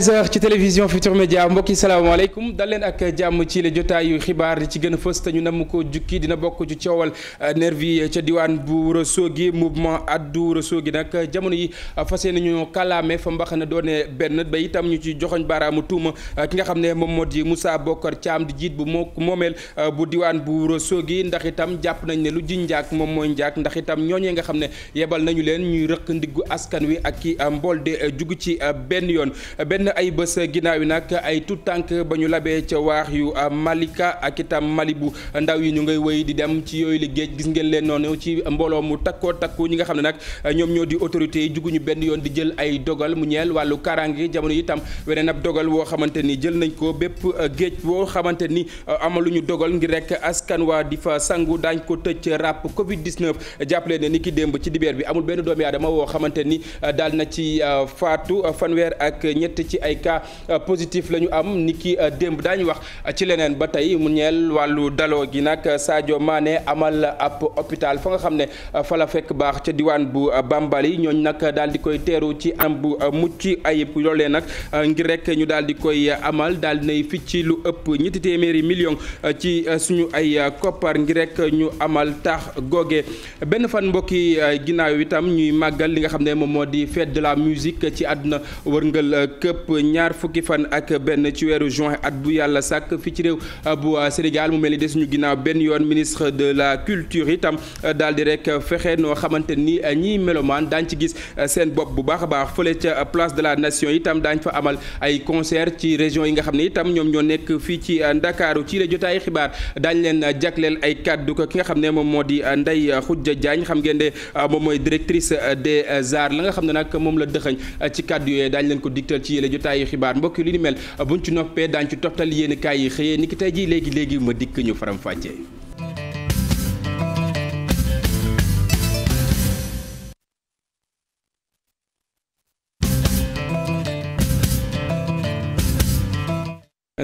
13h télévision Futur Média mbokk yi salaamaaleykum dal leen ak jàmm ci la jotaayu xibaar ci gën a fës te ñu namm ko jukki dina bokk ci coowal euh, nervi ca diwaan bu Ourossogui mouvement Addu Ourossogui nag jamono yi euh, fas nañu kàllaame fa mbax na doone benn ba itam ñu ci joxoñ baaraamu tuuma euh, ki nga xam ne moom moo di Moussa Bokar Thiam di jiit bu moo moomeel bu diwaan bu Ourossogui ndax itam jàpp nañ ne lu ji njaak moom mooy njaak ndax itam ñooñee nga xam ne yebal nañu leen ñuy rëq askan wi ak ki mbool de jug ci benn yoon benn ay bés bës ginnaaw yi nag ay tout tànk ba ñu labee ca waax yu euh, Malika ak itam mali bu ndaw yi ñu ngay woy di dem ci yooyu géej gis ngeen leen noonu ci mbooloo mu takkoo takku ñi nga xam ne nag euh, ñoom ñoo di autorité yi juguñu benn yoon di jël ay dogal mu ñeel wàllu kaaraange jamono itam weneen ab dogal woo xamante ni jël nañ ko bépp euh, géej woo xamante ni amaluñu dogal ngir rek askan waa di fa sangu daañ ko tëj ràpp Covid 19 jàppale ne ni ki démb ci dibeer bi amul benn doomi aadama woo xamante ni daal na ci faatu fanweer ak ñett ci ay cas Euh, positif la ñu am ni ki euh, démb daañu wax ci leneen ba tey mu ñeel wàllu daloo gi nag Sadio maane amal ab hôpital fa nga xam ne euh, fala fekk baax ca diwaan bu Bambali ñooñ nag daal di koy teeru ci am bu mucc ayib loolee nag ngir rek ñu daal di koy amal daal dinay ficci lu ëpp ñetti téeméeri million ci suñu ay koppar ngir rek ñu amal taax googe benn fan mbokki ginnaaw itam ñuy màggal li nga xam ne moom moo di fête de la musique ci àdduna wërngal këpp ñaar ñaar fukki fan ak benn ci weeru juin at bu yàlla sàkk fi ci réew uh, bu uh, Sénégal mu mel ni des ñu ginnaaw benn yoon ministre de la culture itam uh, daal di rek fexe noo xamante ni ñiy melomaan daañ ci gis seen bopp bu baax a baax fële ca place de la nation itam daañ fa amal ay concert ci région yi nga xam ne itam ñoom ñoo nekk fii ci Ndakaaru ci la jotaay xibaar daañ leen jagleel ay kàddu ko ki nga xam ne moom moo di Ndeye Khoudia jaañ xam ngeen de moom mooy directrice des arts la nga xam ne nag moom la dëxëñ ci kàddu yooyu leen ko digtal ci yële jotaayu xibaar mbokk yi li ni mel buñ ci noppee daañu ci toftal yéen kaay yi xëyee ni ki tey jii léegi léegi ma dikk ñu faram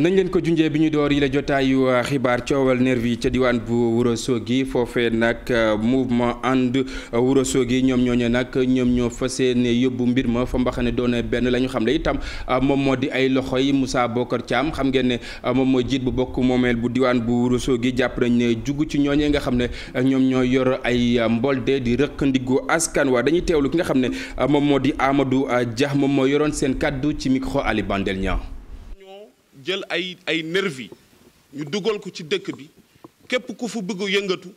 nañ leen ko junjee bi ñu door yi la jotaayu euh, xibaar coowal nervi ca diwaan bu Ourossogui foofee nag euh, mouvement ànd Ourossogui euh, ñoom ñooñu nag ñoom ñoo fas yéene yóbbu mbir ma fa mbaxane doone benn la ñu xam ne itam moom moo di ay loxo yi Moussa Bokar Thiam xam ngeen ne moom moo jiit bu bokk moomeel bu diwaan bu Ourossogui jàpp nañ ne jugg ci ñooñee nga xam ne ñoom ñoo yor ay mbolde di rëq askan waa dañuy teewlu ki nga xam ne moom moo di Amadou Dia moom moo yoroon seen kàddu ci micro Ali jël ay ay nervi ñu dugal ko ci dëkk bi képp ku fu bëgg yëngatu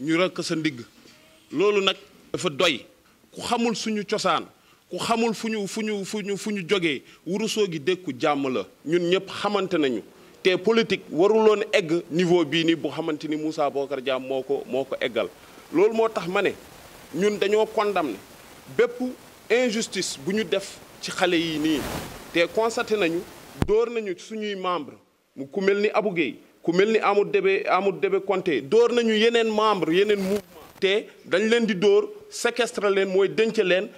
ñu rakk sa ndigg loolu nag dafa doy ku xamul suñu cosaan ku xamul fu ñu fu ñu fu ñu fu ñu jógee wurusoo gi dëkku jàmm la ñun ñëpp xamante nañu te politique waruloon egg niveau bii nii bu xamante ni Moussa Bocar Thiam moo ko moo ko eggal loolu moo tax ma ne ñun dañoo condamné bépp injustice bu ñu def ci xale yi nii te constaté nañu dóor nañu suñuy membre mu ku mel ni Abou Guèye ku mel ni amul Débé amul Débé Conté dóor nañu yeneen membre yeneen mouvement te dañ leen di dóor séquestre leen mooy denc leen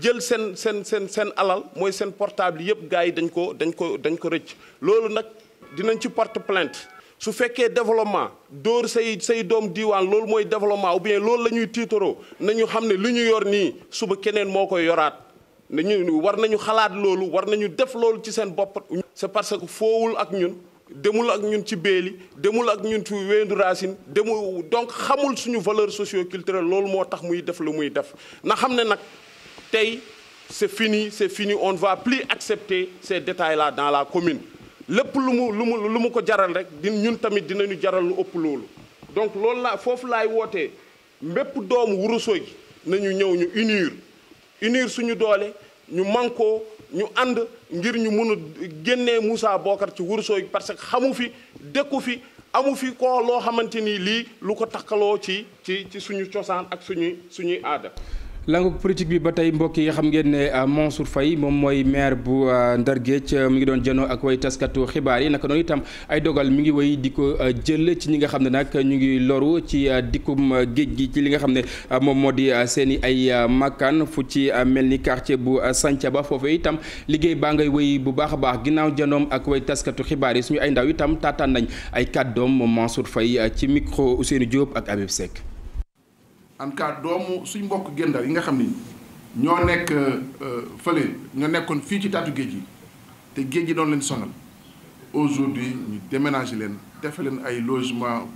jël seen seen seen seen alal mooy seen portable yëpp gars yi dañ ko dañ ko dañ ko rëcc loolu nag dinañ ci porte plante su fekkee développement dóor say say doom diiwaan loolu mooy développement ou bien loolu la ñuy tiitaroo nañu xam ne li ñu yor nii suba keneen moo koy yoraat nañu war nañu xalaat loolu war nañu def loolu ci seen bopp. c'est parce que foowul ak ñun demul ak ñun ci béeli demul ak ñun ci weendu racine demul donc xamul suñu valeur socio-culturelle loolu moo tax muy def lu muy def na xam ne nag tey c'est fini c'est fini on ne va plus accepter ces détails-là dans la commune lépp lu mu lu mu lu mu ko jaral rek di ñun tamit dinañu jaral lu ëpp loolu donc loolu laa foofu laay wootee mbépp doomu Ourossogui nañu ñëw ñu unir unir suñu doole ñu mànkoo ñu ànd ngir ñu mun a génnee Moussa Bokar ci Wourossogui yi parce que xamu fi dëkku fi amu fi ko loo xamante ni lii lu ko takkaloo ci ci ci suñu cosaan ak suñuy suñuy aada langu politique bi ba tey mbokk yi xam ngeen ne euh, Mansour fay moom mooy maire bu euh, Ndar Géej euh, mi ngi doon jënoo ak way taskatu xibaar yi naka noonu itam ay dogal mi ngi woy di ko jël ci ñi xam ne nag ñu ngi loru ci dikkum géej gi ci li nga xam ne moom moo di seen i ay makkaan fu ci mel ni quartier bu Santhiaba foofu itam liggéey baa ngay woy bu baax a baax ginnaaw janoom ak way xibaar yi suñu ay ndaw itam taataan nañ ay kàddoom moom Mansour Faye ci micro Ousseynou Diop ak Habib Seck en doomu suñ mbokk Gendar yi nga xam ni ñoo nekk euh, fële ñoo nekkoon fii ci taatu géej gi te géej gi doon leen sonal aujourd'hui ñu déménager leen defe leen ay logement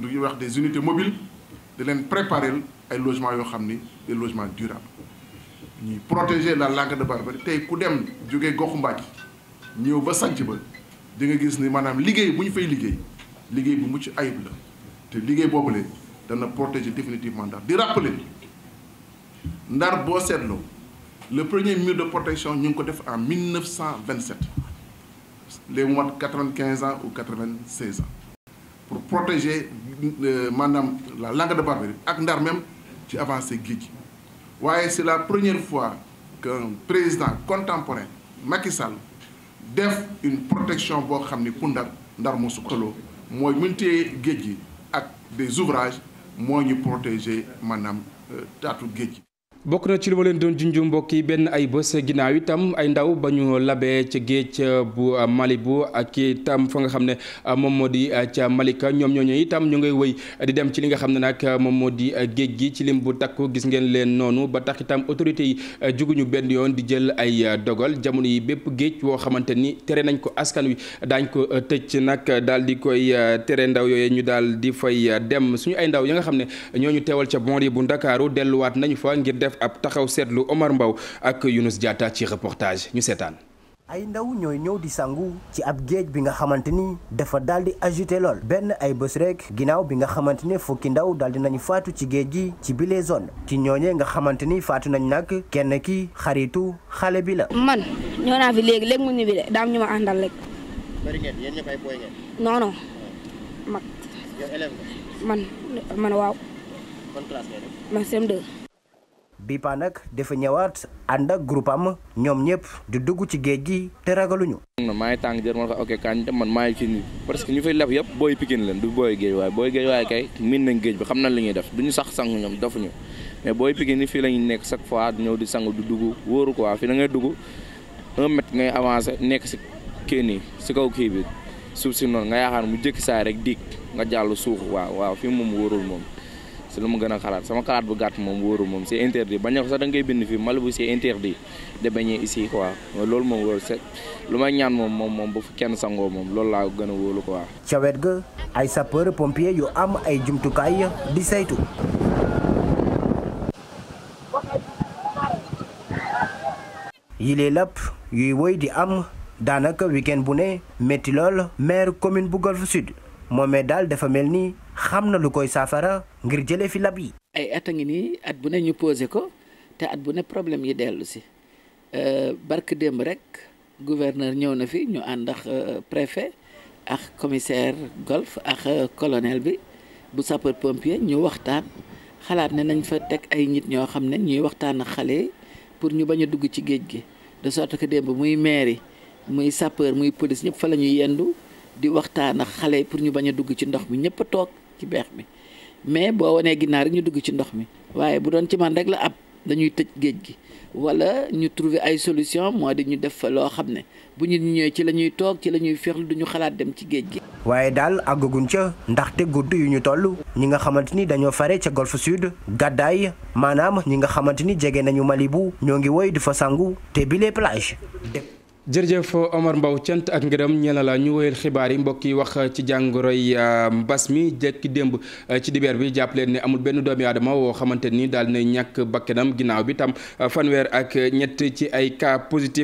lu ñuy wax des unités mobiles di leen préparer ay logements yoo xam ni des logements durables ñuy protéger la langue de Barbarie tey ku dem jóge goxu Mbacke ñëw ba sanc ba di nga gis ni maanaam liggéey bu ñu fay liggéey liggéey bu mucc ayib la te liggéey boobule dana protéger définitivement Ndar di rappeler Ndar boo seetloo le premier mur de protection ñu ngi ko def en 1927 les mois 95 ans ou 96 ans pour protéger euh, maanaam la langue de Barbarie ak Ndar même ci avancée géej gi waaye c'est la première fois qu'un président contemporain Macky def une protection boo xam ni pour Ndar Ndar moo su ko mooy munutee géej gi ak des ouvrages moo ñu protéger maanaam euh, taatu géej gi bokk na ci lu leen doon junj mbokk yi benn ay bés ginnaaw itam ay ndaw ba ñu labee ca géej bu mali Malibu ak itam fa nga xam ne moom moo di ca Malika ñoom ñooñu itam ñu ngay wëy di dem ci li nga xam ne nag moom moo di géej gi ci lim bu takku gis ngeen leen noonu ba tax itam yi juguñu benn yoon di jël ay dogal jamono yi bépp géej woo xamante ni tere nañ ko askan wi daañ ko tëj nag daal di koy tere ndaw yooyu ñu daal di fay dem suñu ay ndaw ya nga xam ne ñooñu teewal ca bond yi bu Ndakaaru delluwaat nañu fa ngir def def ab taxaw seetlu Omar Mbaw ak Younous Diatta ci reportage ñu seetaan. ay ndaw ñooy ñëw di sangu ci ab géej bi nga xamante ni dafa daal di agité lool benn ay bés rekk ginnaaw bi nga xamante ne fukki ndaw daal di nañu faatu ci géej gi ci bile zone ci ñooñee nga xamante ni faatu nañ nag kenn ki xaritu xale bi la. man ñoo naa fi léegi léegi mu ñibbi de daam ñu ma àndal rek. bari mag. man man waaw. man CM2. bi paa nag dafa ñëwaat ànd ak groupe am ñoom ñëpp du dugg ci géej gi te ragaluñu. man maa ngi tàng jër man ko ok kañ dem man maa ngi ci parce que ñu fay leb yëpp booy Pikine leen du booy géej waaye booy géej waaye kay miin nañ géej bi xam nañ li ñuy def duñu sax sangu ñoom defuñu mais booy Pikine ni fii la ñuy nekk chaque fois ñëw di sangu du dugg wóoru ko fii da ngay dugg un mètre ngay avancé nekk si kii nii si kaw kii bi suuf si noonu nga yaakaar mu jëkki saay rek diig nga jàll suuf waaw waaw fii moom wóorul moom si lu mu gën a xalaat sama xalaat bu gàtt moom wóoru moom c'est interdit bañ ko sax da ngay bind fii Malibu c'est interdit de bañee ici quoi loolu moom wóoru c'est lu may ñaan moom moom moom bu fi kenn sangoo moom loolu laa gën a wóolu ko ca wet ga ay sapeur pompier yu am ay jumtukaay di saytu. yile lépp yuy woy di am daanaka week-end bu ne métti lool maire commune bu Golf Sud moomee daal dafa mel nii xam na lu koy saafara ngir jëlee fi lab yi. ay at a ngi nii at bu ne ñu posé ko te at bu ne problème yi dellu si euh, barke démb rek gouverneur ñëw na fi ñu ànd ak euh, préfet ak commissaire golf ak euh, colonel bi bu sapper pompier ñu waxtaan xalaat ne nañ fa teg ay nit ñoo xam ne ñuy waxtaan ak xale yi pour ñu bañ a dugg ci géej gi de sorte que démb muy mairie muy sapeur muy police ñëpp fa la ñuy yendu di waxtaan ak xale yi pour ñu bañ a dugg ci ndox bi ñëpp a toog. ci beex mi mais boo wanee ginaar rek ñu dugg ci ndox mi waaye bu doon ci man rek la ab dañuy tëj géej gi wala ñu trouver ay solution moo di ñu def fa loo xam ne bu ñu ñëwee ci la ñuy toog ci la ñuy féexlu du ñu xalaat dem ci géej gi. waaye daal àggaguñ ca ndax te gudd yu ñu toll ñi nga xamante ni dañoo fare ca golfe sud gàddaay maanaam ñi nga xamante ni jege nañu Malibu ñoo ngi woy du fa sangu te bile plage. jërëjëf Omar Mbow cent ak ngërëm ñeena la ñu wéyal xibaar yi mbokk yi wax ci jàngoro jàngoroy euh, mbas mi jekki démb euh, ci dibeer bi jàpp leen amul benn doomi aadama woo xamante nii daal na ñàkk bakkanam ginnaaw bi tam euh, fanweer ak ñett ci ay cas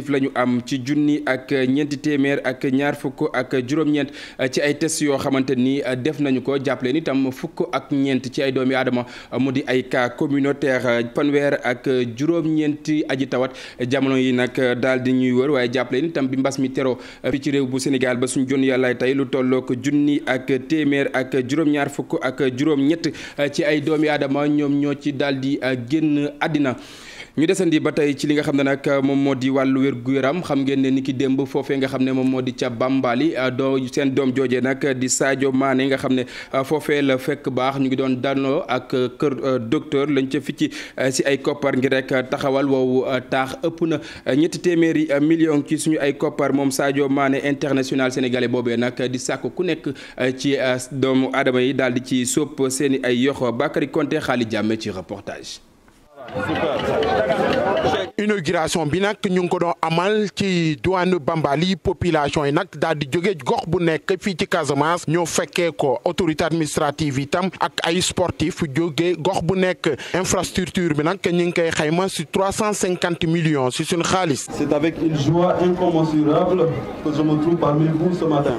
la ñu am ci junni ak ñeenti téeméer ak ñaar fukk ak juróom-ñeent ci ay test yoo xamante ni def nañu ko jàpp itam fukk ak ñeent ci ay doomi adama mu di ay kaa communautaire fanweer ak juróom-ñeenti aji tawat jamono yi nag daal di ñuy wër waaye jàpp jàppale itam bi mbas mi teroo euh, fi ci réew bu Sénégal ba suñu jon yàllaay tey lu tolloo tollook junni ak téeméer ak juróom-ñaar fukk ak juróom-ñett euh, ci ay doomi aadama ñoom ñoo ci daal di euh, génn àddina ñu desandi ba tey ci li nga xam ne nag moom moo di wàllu wér-gu-yaram xam ngeen ne ni ki démb foofe nga xam ne moom moo di ca Bambali euh, doo seen doom joojee nag di Sadio Mané nga xam ne euh, foofee la fekk baax ñu ngi doon danoo ak euh, kër docteur lañ ca fi ci si ay koppar ngir rek taxawal woowu taax ëpp na ñetti téeméeri million ci suñu ay koppar moom Sadio Mané international sénégalais boobee nag di sàkk ku nekk ci doomu aadama yi daal di ci sóob seeni ay yoxo Bakary Konté xaali jàmme ci reportage inauguration bi nag ñu ngi ko doon amal ci diwaanu Bambali population yi nag daal di jóge gox bu nekk fii ci Casamance ñoo fekkee ko autorité administrative itam ak ay sportif jóge gox bu nekk infrastructure bi nag ñu ngi koy xayma si trois cent cinquante millions si suñu xaalis. C'est avec une joie incommensurable que je me trouve parmi vous ce matin.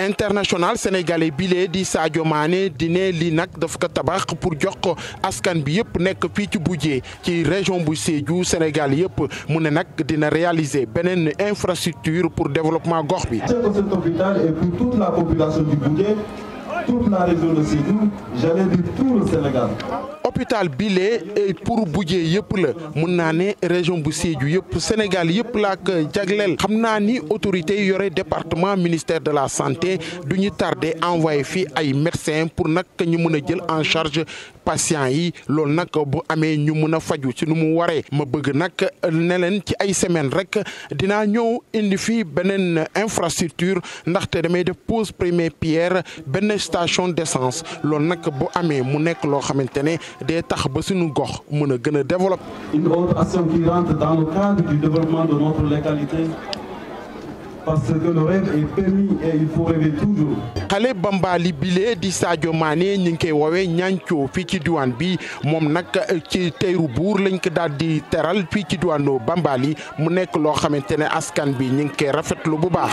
international sénégalais bilee di Sadio Mané di lii nag dafa ko tabax pour jox ko askan bi yëpp nekk fii ci Bujee ci région bu Sédhiou Sénégal yëpp mu ne nag dina réaliser beneen infrastructure pour développement gox bi. hôpital bilee eh, pour Bujee yëpp la mun naa ne région bu Sédhiou yëpp Sénégal yëpp laa ko xam naa ni autorité yore département ministère de la santé du ñu tardé envoyé fii ay médecins pour nag ñu mën a jël en charge patient yi loolu nag bu amee ñu mun a faju ci nu mu waree ma bëgg nag eh, ne leen ci ay semaine rek dinaa ñëw indi fii beneen infrastructure ndaxte damay de pose première pierre benn station de d'essence loolu nag bu amee mu nekk loo xamante ne day tax ba suñu gox mën a gën a développer. une autre action qui rentre dans le cadre de notre localité. parce que le rêve est permis et il faut rêver xale bambaali bile di Sadio Mané ñu ngi koy woowee ñancoo fii ci diwaan bi moom nag ci teyru buur lañ ko daal di teral fii ci diwaanu bambaali mu nekk loo xamante ne askan bi ñu ngi koy rafetlu bu baax.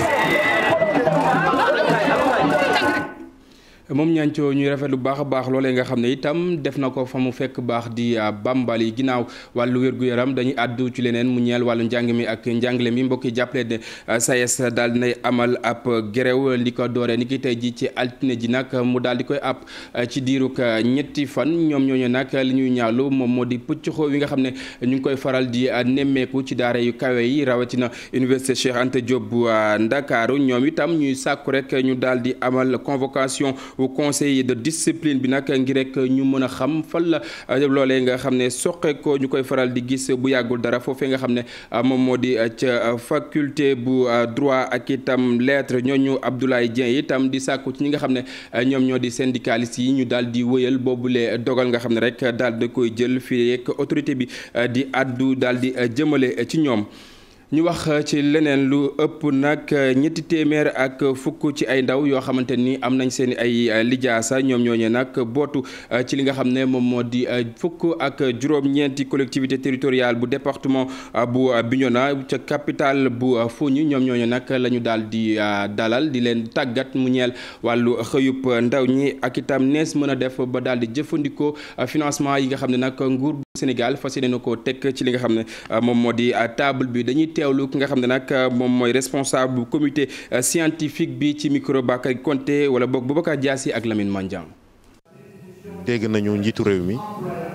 moom ñancoo ñuy rafet lu baax a baax loolee nga xam ne itam def na ko fa mu fekk baax di ah, bàmbal yi ginnaaw wàllu wér-gu-yaram dañuy àddu ci leneen mu ñeel wàllu njàng mi ak njàngale mi mbokki jàppale ne SAES ah, e daal dinay amal ab grève li ko dooree ni tey ji ci altine ji nag mu daal di koy ab ah, ci diiru ñetti fan ñoom ñooñu nag li ñuy ñaalu moom moo di pëccxoo yi nga xam ne ñu ngi koy faral di nemmeeku ci daara yu kawe yi rawatina université Cheikh Anta Diop bu Ndakaaru ñoom itam ñuy sàkku rek ñu daal di amal convocation conseil de discipline bi nag ngir rek ñu mën a xam fan la euh, loolee nga xam ne soqeekoo ñu koy faral di gis bu yàggul dara foofee nga xam ne euh, moom moo di euh, ca faculté bu droit ak itam lettre ñooñu Abdoulaye Dieng itam di sàkku ci ñi nga xam ne ñoom ñoo di syndicaliste yi ñu daal di wëyal boobulee dogal nga xam ne rek daal di koy jël fii ak autorité bi di addu daal di jëmale ci ñoom ñu wax euh, ci leneen lu ëpp nag euh, ñetti téeméer ak fukk ci ay ndaw yoo xamante ni am nañ seen ay euh, lijaasa ñoom ñooñu nag bootu ci li nga xam ne moom moo di fukk ak juróom-ñeenti collectivité territoriale bu département bu Bignona ca capital bu Foundiougne ñoom ñooñu nag la ñu daal di dalal di leen tàggat mu ñeel wàllu xëyub ndaw ñi ak itam nees mën a def ba daal di jëfandikoo financement yi nga xam ne nag nguur bu Sénégal fas yéene na koo ci li nga xam ne moom moo teewlu ki nga xam ne nag euh, moom mooy responsable bu comité euh, scientifique bi ci micro Bakary Konté wala boog Boubacar Diassi ak Lamine Mandiang. dégg nañu njiitu réew mi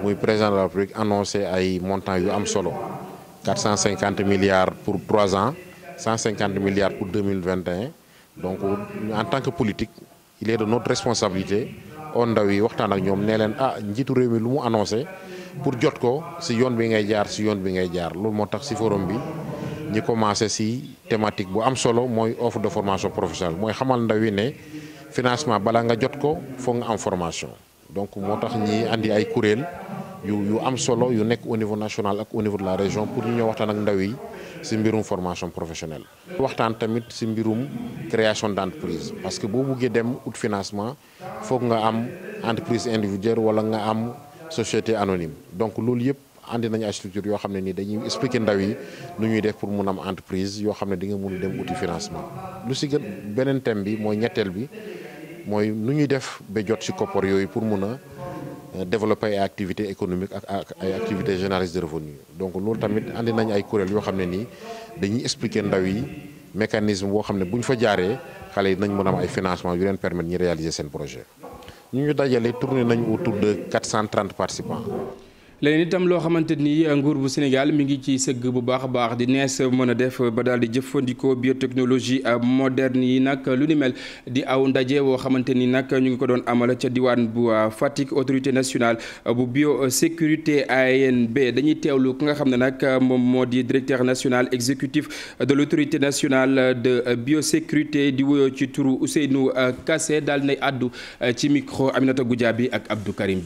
muy président de la République annoncé ay montants yu am solo 450 milliards pour 3 ans 150 milliards pour 2021 donc en tant que politique il est de not responsabilité on ndaw yi waxtaan ak ñoom nee leen ah njiitu réew mi lu mu annoncé pour jot ko si yoon bi ngay jaar si yoon bi ngay jaar loolu moo tax si forum bi. ñi commencé si thématique bu am solo mooy offre de formation professionnelle mooy xamal ndaw yi ne financement bala nga jot ko foog nga am formation donc moo tax ñi andi ay kuréel yu yu am solo yu nekk au niveau national ak au de la région pour ñu ñëw waxtaan ak ndaw yi si mbirum formation professionnelle. waxtaan tamit si mbirum création d' entreprise parce que boo buggee dem ut financement foog nga am entreprise individuelle wala nga am société anonyme donc loolu yëpp. andi nañu ay structure yoo xam ne nii dañuy expliquer ndaw yi nu ñuy def pour mun am entreprise yoo xam ne di nga mun dem uti financement lu si gën beneen thème bi mooy ñetteel bi mooy nu ñuy def ba jot si koppar yooyu pour mun a euh, développer ay activité économique ak ay activités génératrice de revenu donc loolu tamit andi nañ ay kuréel yoo xam ne nii dañuy expliquer ndaw yi mécanisme boo xam ne bu ñu fa jaaree xale yi nañ mën a am ay financement yu leen permettre ñu réaliser seen ñu ñu dajale tourné nañ autour de 430 participants leneen itam loo xamante ni euh, nguur bu Sénégal mi ngi ci sëgg bu baax a baax di nees mën a def ba daal di jëfandikoo biotechnologie euh, moderne yi nag lu ni mel di aw ndaje woo xamante ni nag ñu ngi ko doon amal ca diwaan bu euh, Fatick autorité nationale bu biosécurité ANB dañuy teewlu ki nga xam ne nag moom moo di directeur national exécutif de l' autorité nationale de biosécurité di wuyoo ci turu Ousseynou Kassé daal nay àddu ci micro Aminata Goudiaby ak Abdou Karim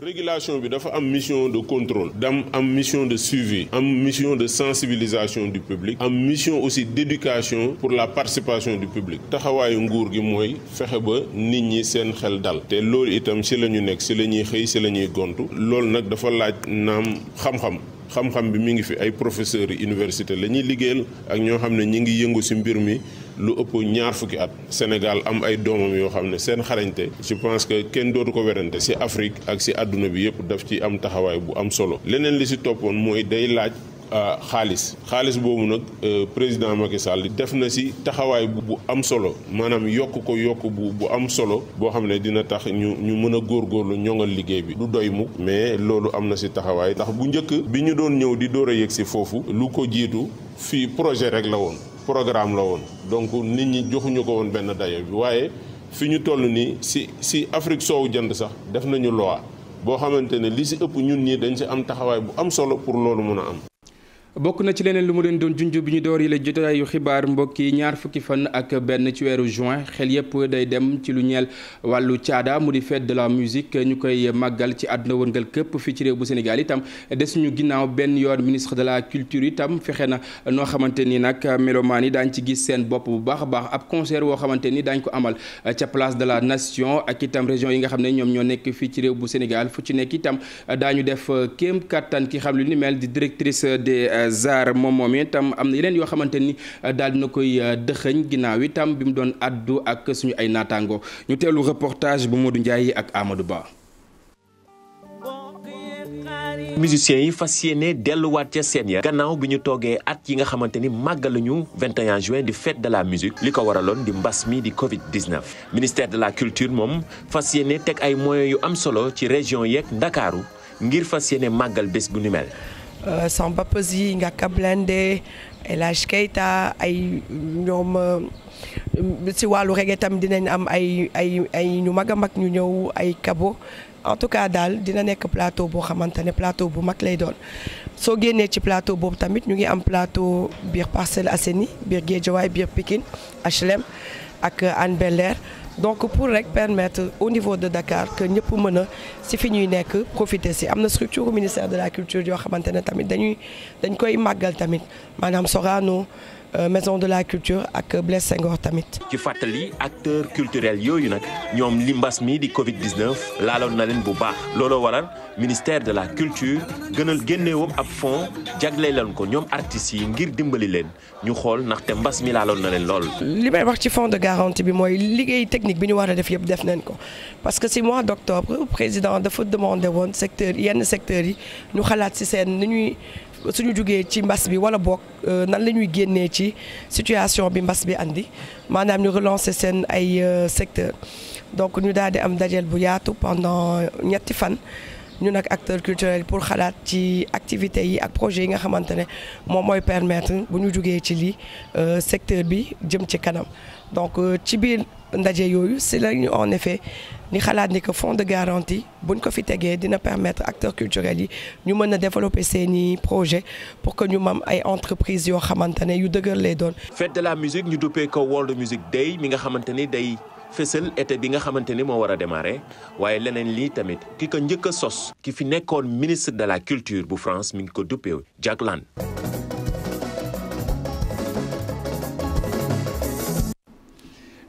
régulation bi dafa am mission de contrôle dam am mission de suivi am mission de sensibilisation du public am mission aussi d'éducation pour la participation du public taxawaayu nguur gi mooy fexe ba nit ñi seen xel dal te loolu itam ci la ñu nekk ci la ñuy xëy ci la ñuy gontu loolu nag dafa laaj naam xam-xam xam-xam bi mu ngi fi ay professeurs yi université la ñuy liggéeyal ak ñoo xam ne ñu ngi yëngu ci mbir mi lu ëpp ñaar fukki at Sénégal am ay doomam yoo xam ne seen xarañte je pense que kenn dootu ko werante si Afrique ak si àdduna bi yëpp daf ci am taxawaay bu am solo leneen li si toppoon mooy day laaj euh, xaalis xaalis boobu nag euh, président Macky Sall def na si taxawaay bu am solo maanaam yokk ko yokk bu am solo boo xam ne dina tax ñu ñu mën a lu ñoŋal liggéey bi du doy mukk mais loolu am na si taxawaay ndax bu njëkk bi ñu doon ñëw di door a yegg ci foofu lu ko jiitu fii projet rek la woon. programme la woon donc nit ñi joxuñu ko woon benn dayo bi waaye fi ñu toll nii si si Afrique soowu jënd sax def nañu loi boo xamante ne li si ëpp ñun ñii dañ si am taxawaay bu am solo pour loolu mun a am. bokk na ci leneen lu mu leen doon junj bi ñu door yi la jotaayu xibaar mbokk ñaar fukki fan ak benn ci weeru juin xel yépp day dem ci lu ñeel wàllu caada mu di fête de la musique ñu koy màggal ci àdduna wërngal këpp fii ci réew bu Sénégal itam desuñu ginnaaw benn yoon ministre de la culture itam fexe na noo xamante ni nag melomaan yi daañ ci gis seen bopp bu baax a baax ab concert woo xamante ni daañ ko amal ca place de la nation ak itam région yi nga xam ne ñoom ñoo nekk fii ci réew bu Sénégal fu ci nekk itam daañu def kéem kattan ki xam lu ni mel di directrice euh, Sarr moom itam am yeneen yoo xamante ni euh, daal dina koy euh, dëxëñ ginnaaw itam bi mu doon addu ak suñu ay naataango ñu teelu reportage bu Modou Ndiaye ak Amadou Ba. musiciens yi fas yéene delluwaat ca seen ya gannaaw bi ñu toogee at yi nga xamante ni màggaluñu 21 juin di fête de la musique li ko waraloon di mbas mi di Covid 19. ministère de la culture moom fas yéene teg ay moye yu am solo ci région yeeg Ndakaaru ngir fas yéene màggal bés bu ni Euh, Samba Peuzzi nga Blindé El Hadj Keita ay ñoom euh, si wàllu reggae tam dinañ am ay ay ay ñu mag a mag ñu ñëw ay kabo en tout cas daal dina nekk plateau boo xamante ne plateau bu mag lay doon soo génnee ci plateau boobu tamit ñu ngi am plateau biir Parcelles Assainies biir Guédiawaye biir Pikine HLM ak Hann Bel-Air donc pour rek permettre au niveau de Dakar que ñëpp mën a si fi ñuy nekk profiter si am na structure au ministère de la culture yoo xamante ne tamit dañuy dañ koy màggal tamit maanaam Sorano Euh, maison de la culture ak Blaise Senghor tamit. ci fàttali acteurs culturels yooyu nag ñoom li mbas mii di Covid 19 laaloon na leen bu baax looloo waral ministère de la culture gënal génneewam ab fonds leen ko ñoom artistes yi ngir dimbali leen ñu xool ndaxte mbas mi laaloon na leen lool. li may wax ci fonds de garantie bi mooy liggéey technique bi ñu war a def yëpp def nañ ko parce que si mois d' octobre président dafa demandé woon secteur yenn secteurs yi ñu xalaat si seen ni ñuy. suñu jugee ci mbas bi wala boog euh, nan la ñuy génnee ci situation bi mbas bi andi maanaam ñu relancer seen ay euh, secteur donc ñu daal di am dajeel bu yaatu pendant ñetti fan ñu nag acteur culturel pour xalaat ci activités yi ak projet yi nga xamante ne moom mooy permettre bu ñu jugee ci lii euh, secteur bi jëm ci kanam donc ci biir ndaje yooyu si lañu en effet ni xalaat ni que fonds de bu buñ ko fi tegee dina permettre acteurs culturels yi ñu mën a développer seeni projet pour que ñu mam ay entreprises yoo xamante ne yu dëgër lay doon. fête de la musique ñu duppee ko World Music Day mi nga xamante ni day fësal été bi nga xamante ni moo war a démarrer waaye leneen lii tamit ki ko njëkk a sos ki fi nekkoon ministre de la culture bu France mi ngi ko duppee Jack Lang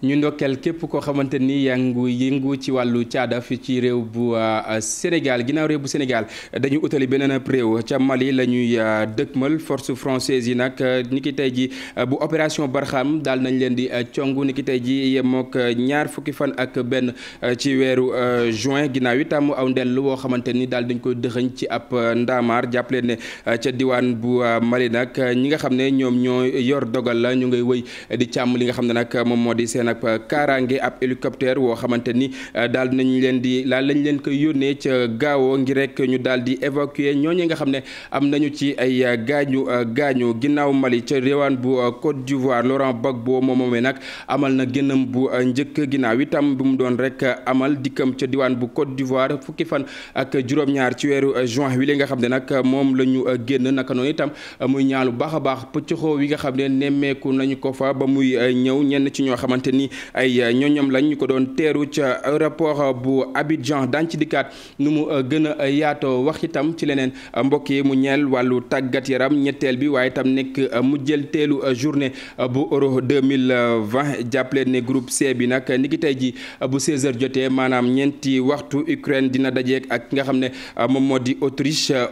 ñu ndokkeel képp koo xamante ni yangu yëngu ci wàllu caada fi ci réew bu euh, Sénégal ginnaaw réew bu Sénégal dañu utali beneen réew ca Mali la ñuy euh, dëkkmal force française yi nag euh, ni tey ji bu opération Barkhane daal nañ leen di congu ni ki tey ji yemook ñaar fukki fan ak benn ci weeru juin ginnaaw itam aw ndell woo xamante ni daal dañ koy dëxëñ ci ab ndaamaar jàppale ne ca diwaan bu Mali nag ñi nga xam ne ñoom ñoo yor dogal la ñu ngay wëy di càmm li nga xam ne nag moom moo di seen nag euh, kaaraange ab hélicoptère woo xamante ni euh, daal nañ leen di laal lañ leen koy yónnee ca gaawoo ngir rek ñu daal di évacuer ñooñu nga xam ne am nañu ci ay euh, gaañu gaañu ginnaaw Mali ca réewaan bu Côte d'Ivoire Laurent Gbagbo moom moomee nag amal na génnam bu njëkk ginnaaw itam bu mu doon rek amal dikkam ca diwaan bu Côte d'Ivoire fukki fan ak juróom-ñaar ci weeru juin wi li nga xam ne nag moom lañu ñu génn naka noonu itam muy ñaalu baax a baax pëccëxoo wi nga xam ne nemmeeku nañu ko fa ba muy ñëw ñenn ci ñoo xamante ni ni ay euh, ñoñom lañ ñu ko doon teeru ca aéroport euh, bu Abidjan dañ ci dikkaat nu mu euh, gën yaatoo wax itam ci leneen mbokk yi mu ñeel wàllu tàggat yaram ñetteel bi waaye itam nekk mu jël teelu journée bu euro 2020 jàppale ne groupe C bi nag ni ki tey ji bu 16 jotee maanaam ñeenti waxtu Ukraine dina dajeek ak ki nga xam ne moom moo di Autriche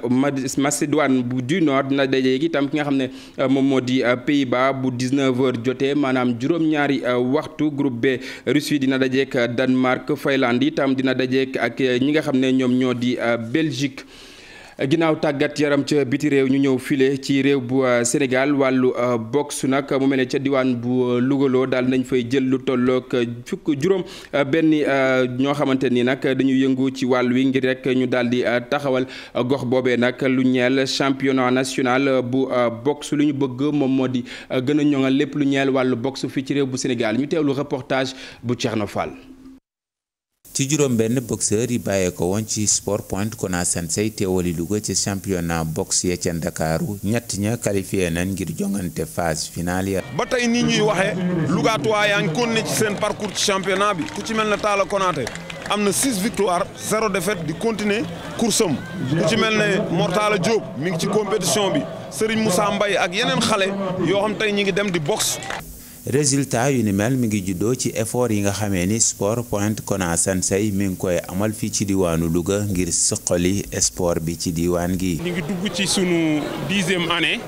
Macédoine bu du dina dajeek itam ki nga xam ne moom moo di Pays-Bas bu 19h jotee maanaam juróom-ñaari waxtu groupe B Russie dina dajeek Danemark Finlande itam dina dajeek ak ñi nga xam ne ñoom ñoo di euh, Belgique ginnaaw tàggat yaram ca biti réew ñu ñëw file ci réew bu euh, Sénégal wàllu euh, box nag mu mel ne ca diwaan bu euh, Lougaloo daal nañu fay jël lu tollook fukk juróom benn ñoo xamante ni nag dañu yëngu ci wàll wi ngir rek ñu daal di taxawal gox boobee nag lu ñeel championnat national bu box lu ñu bëgg moom moo di gën a ñoŋal lépp lu ñeel wàllu box fii ci réew bu Sénégal ñu teewlu reportage bu Thierno Fall ci juróom benn boxeur yi bàyyee ko woon ci sport point kona sensey teewali Louga ci championnat boxe ya ca Ndakaaru ñett ña qualifié nañ ngir jongante phase finale ya ba tey nii ñuy waxee Louga tuwaa ci seen parcours ci championnat bi ku ci mel ne Talla Konaté am na six victoire zéro défaite di continuer course am ku ci mel ne Mortala Diop mi ngi ci compétition bi Serigne Moussa Mbaye ak yeneen xale yoo xam tey ñi ngi dem di boxe résultat yu ni mel mi ngi juddoo ci effort yi nga xamee ni sport point Kona Sansei mi ngi koy amal fii ci diwaanu Louga ngir suqali sport bi ci diwaan gi. ñu ngi dugg ci sunu dixième année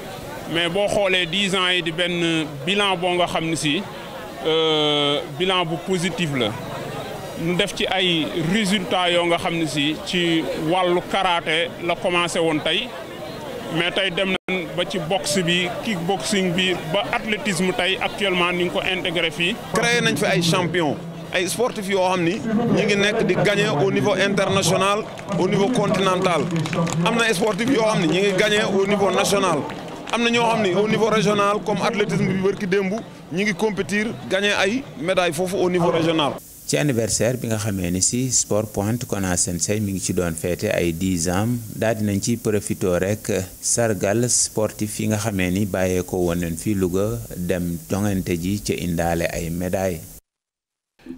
mais boo xoolee dix ans yi di benn bilan boo nga xam ne si euh, bilan bu positif la ñu def ci ay résultats yoo nga xam ne si ci wàllu karaté la commencé woon tey. mais tey dem nañ ba ci boxe bi kickboxing bi ba athlétisme tey actuellement ni nga ko intégré fii. créé nañ fi ay champion ay sportif yoo xam ni ñi ngi nekk di gañee au niveau international au niveau continental am na sportif yoo xam ni ñi ngi gañee au niveau national am na ñoo xam ni au niveau régional comme athlétisme bi barki démb ñi ngi compétir gagné ay médailles foofu au niveau régional. ci anniversaire bi nga xamee ni si sport pointe Kona Sensei mi ngi ci doon feete ay 10 ans daal dinañ ci profito rek sargal sportif yi nga xamee ni bàyyee ko woon nañ fi Louga dem joŋante ji ca indaale ay médailles.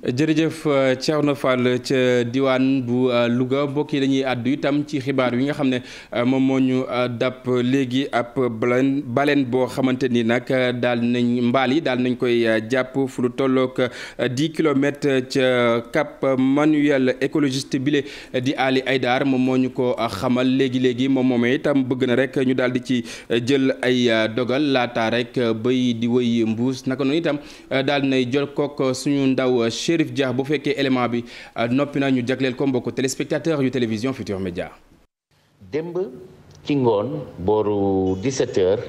jërëjëf euh, Thierno Fall ca diwaan bu euh, Louga mbokk yi dañuy àddu itam ci xibaar yi nga xam ne euh, moom moo ñu dàpp léegi ab balen baleen boo xamante ni nag daal nañ mbaal yi daal nañ koy jàpp fu lu tolloog 10 kilomètres ca Cap Manuel écologiste bile di Ali Aydar moom moo ñu ko xamal léegi léegi moom moomee itam bëgg na rek ñu daal di ci jël ay dogal laata rek bay di wëy mbuus naka noonu itam daal nay jot kook suñu ndaw. Chérif bu fekkee élément bi euh, noppi na ñu jagleel ko mbokku téléspectateur yu télévision Futur Média. démb ci ngoon booru 17h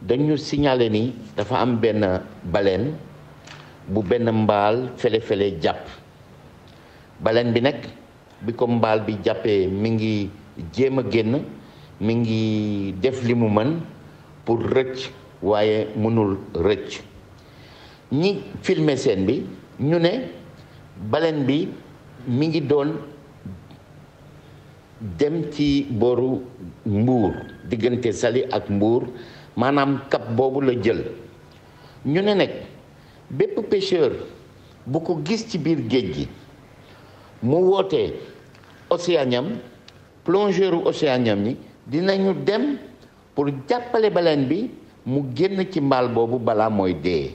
dañu signalé ni dafa am benn baleen bu benn mbaal fele jàpp baleen bi nag bi ko mbaal bi jàppee mi ngi jéem a génn mi ngi def li mu mën pour rëcc waaye mënul rëcc ñi filmer scène bi ñu ne baleine bi mu ngi doon dem ci booru mbuur diggante sali ak mbuur maanaam cap boobu la jël ñu ne nag bépp pêcheur bu ko gis ci biir géej gi mu woote océanium plongeur u océanium yi dinañu dem pour jàppale baleen bi mu génn ci mbaal boobu balaa mooy dee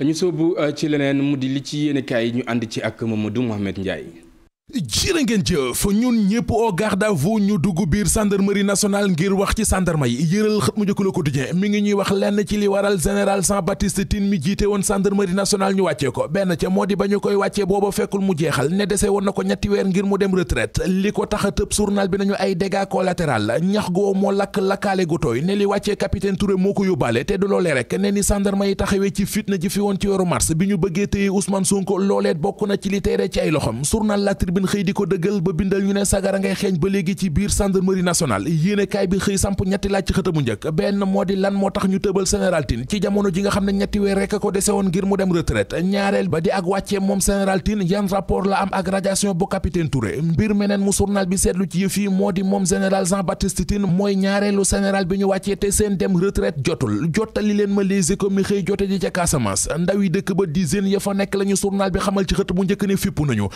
ñu soobu euh, ci leneen mu di li ci yéenekaay yi ñu ànd ci ak Mamadou Mouhamed Ndiaye. jërë ngeen jëf ñun ñëpp au garde à vous ñu dugg biir gendarmerie nationale ngir wax ci gendarme yi yëral xët mu njëkk Le Quotidien mi ngi ñuy wax lenn ci li waral général san Baptiste Tine mi jiite woon gendarmerie nationale ñu wàccee ko benn ca moo di ba ñu koy wàccee booba fekkul mu jeexal ne dese woon na ko ñetti weer ngir mu dem retraite li ko tax a tëb journal bi nañu ay dégâts collatéral ñax goo moo lakk lakkaale gu tooy ne li wàccee capitaine Touré moo ko yóbbaale te du loolee rek ne ni gendarme yi taxawee ci fitna ji fi woon ci weeru mars bi ñu bëggee téye Ousmane Sonko looleet bokk na ci li teeree ci ay loxom journal tribune xëy di ko dëggal ba bindal ñu ne sagara ngay xeeñ ba léegi ci biir gendarmerie nationale yéenekaay bi xëy samp ñetti laaj ci xëtamu njëkk benn moo di lan moo tax ñu tëbal général Tine ci jamono ji nga xam ne ñetti weer rek ko dese woon ngir mu dem retraite ñaareel ba di ak wàccee moom général Tine yan rapport la am ak radiation bu capitaine Touré mbir meneen mu journal bi seetlu ci yëf yi moo di moom général Jean Baptiste Tine mooy ñaareelu général bi ñu wàccee te seen dem retraite jotul jottali leen ma Les Échos mi xëy jote ji ca Casamance ndaw yi dëkk ba dizaine ya fa nekk la ñu journal bu njëkk ne fippu nañu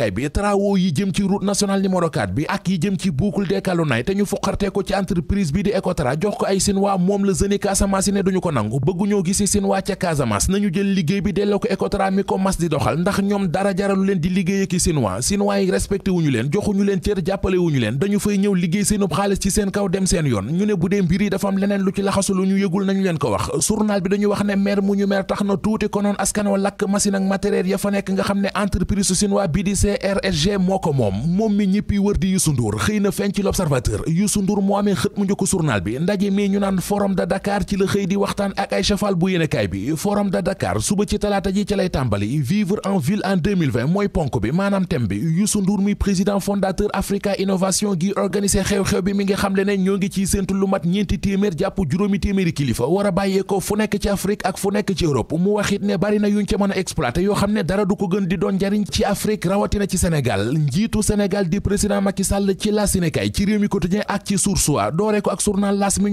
yéenekaay bi travaux yi jëm ci route nationale numéro bi ak yi jëm ci boucle des Caléonailles te ñu foqartee ko ci entreprise bi di Ecotra jox ko ay Sinwaa moom la jeunes Casamance yi ne duñu ko nangu bëgguñoo gisee Sinwaa ca Casamance nañu jël liggéey bi delloo ko mi ko mas di doxal ndax ñoom dara jaralu leen di liggéey ak Sinwaa Sinwaa yi respecté leen joxuñu leen cër jàppale leen dañu fay ñëw liggéey seenub xaalis ci seen kaw dem seen yoon CRSG moo ko moom moom mi ñëpp yi wër di Youssou Ndour xëy na feeñ ci l'Observateur Youssou Ndour moo amee xët mu njëkk journal bi ndaje mi ñu naan forum de Dakar ci la xëy di waxtaan ak ay chafal bu yéenekaay bi forum de Dakar suba ci talaata ji ci lay tàmbali vivre en ville en 2020 mooy ponk bi maanaam thème bi Youssou Ndour mi président fondateur Africa Innovation gi organiser xew-xew bi mi ngi xam le ne ñoo ngi ciy séentu lu mat ñeenti téeméer jàpp juróomi téeméeri kilifa war a bàyyee ko fu nekk ci Afrique ak fu nekk ci Europe bari na yuñ ca mën yoo xam ne dara ko gën di doon njariñ ci Afrique rawati rawatina ci Sénégal njiitu Sénégal di président Macky Sall ci la Sénégal ci réew mi quotidien ak ci Source A dooree ko ak journal L'As mi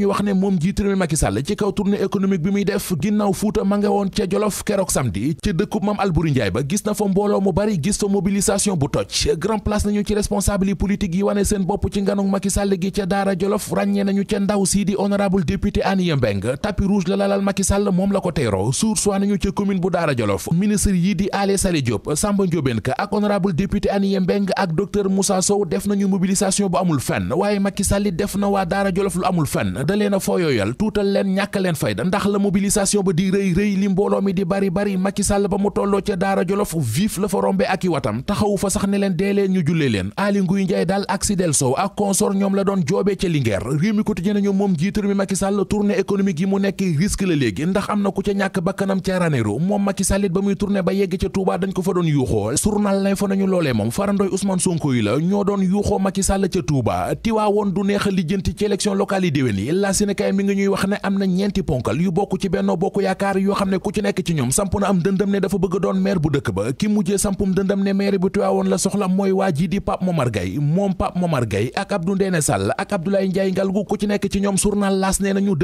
bu toj nañu ci responsable yi politique yi wane seen bopp ci nganug Macky Sall gi ca Daara Jolof ràññee nañu ca ndaw si di honorable député Annie Mbeng tapis rouge la lalal Macky moom la ko teeroo Source A nañu ca commune bu Daara Jolof ministre yi di Aly Saleh Diop Samba Ndiobène Ka ak honorable député Annie Mbeng ak docteur Moussa Sow def nañu mobilisation bu amul fenn waaye Macky Sall def na waa Daara Jolof lu amul fenn da leen a fooyooyal tuutal leen ñàkk leen fayda ndax la mobilisation ba di rëy rëy li mbooloo mi di bari bari Macky Sall ba mu tolloo ca Daara Jolof vif la fa rombe ak i watam taxawu fa sax ne leen dee leen ñu jullee leen Aly Ngouille Ndiaye daal ak Sidel Sow ak consort ñoom la doon joobee ca Linguère réew mi quotidien nañu moom jiitu mi Macky Sall tournée économique yi mu nekk risque léegi ndax am na ku ca ñàkk bakkanam ca Ranérou moom Macky Sall it ba muy tournée ba yegg ca Touba dañ ko fa doon yuuxoo loolee moom farandoy Ousmane Sonko yi la ñoo doon yuuxoo Macky Sall ca Touba Tiwaawoon du neex a lijjanti ci élection locale yi déwén yi la Sénégal mi ngi ñuy wax ne am na ñeenti ponkal yu bokk ci Benno Bokk Yaakaar yoo xam ne ku ci nekk ci ñoom samp na am dëndam ne dafa bëgg doon maire bu dëkk ba ki mujjee sampum dëndam ne maire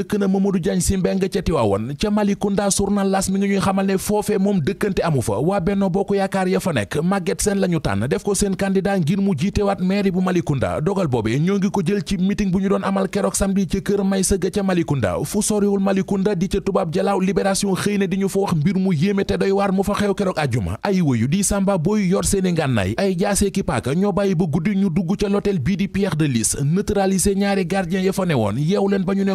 Tiwaawoon ca Tiwaawoon ca Malicounda journal mi ngi ñuy xamal ne foofee moom dëkkante amu fa waa Benno Bokk Yaakaar ya fa nekk Maguette Sène ñu tànn def ko seen candidat ngir mu jiitewaat mairie bu Malicounda dogal boobe ñoo ngi ko jël ci meeting bu ñu doon amal keroog samedi ci kër may sëgga ca Malicounda fu soriwul Malicounda di ca tubaab jalaaw libération xëy na di ñu fa wax mbir mu yéeme te doy waar mu fa xew keroog ajjuma ay wëyu di samba booy yor seeni ngànnaay ay jaasee ki ñoo bàyyi ba guddi ñu dugg ca l'hôtel bii di Pierre de Lys neutraliser ñaari gardien ya fa ne woon yeew leen ba ñu ne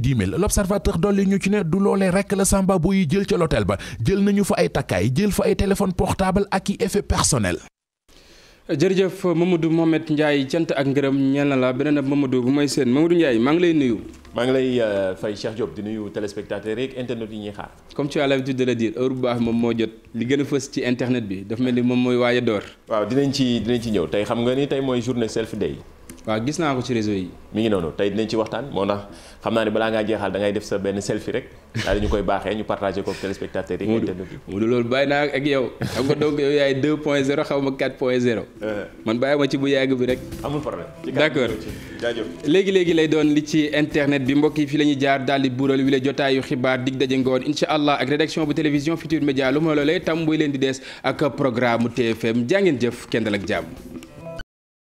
quatre-vingt-dix mille l'observateur dolli ñu ci ne du loolee rek la samba bu yi jël ca l'hôtel ba jël nañu fa ay takkaay jël fa ay téléphone portable ak i effet personnel jërëjëf Mamadou Mohamed Ndiaye cant ak ngërëm ñeel na la beneen ab Mamadou bu may seen Mamadou Ndiaye maa ngi lay nuyu maa ngi lay euh, fay Cheikh Diop di nuyu téléspectateurs yeeg internet yi ñuy xaar. comme ci as l'habitude de le dire heure bu baax moom moo jot li gën a fës ci internet bi dafa mel ni moom mooy waaye door. waaw dinañ ci dinañ ci ñëw tey xam nga ni tey mooy journée self day. waaw gis naa ko ci réseau yi. mi ngi noonu tey dinañ ci waxtaan moo tax xam naa ne balaa ngaa jeexal da ngay def sa benn selfie rek daal di ñu koy baaxee ñu partagé ko téléspectateurs yi. Modou Modou loolu bàyyi naa ak yow. xam nga donc yow yaay 2 point 0 xaw ma 4 point 0. Eh. man bàyyi ma ci bu yàgg bi rek. amul problème d' accord jaajëf léegi léegi lay doon li ci internet bi mbokk yi fii la ñuy jaar daal di buural wi la jotaayu xibaar dig daje ngoon incha allah ak rédaction bu télévision Futur Média lu ma loolee tam leen di des ak programme TFM jaa ngeen jëf kendal ak jàmm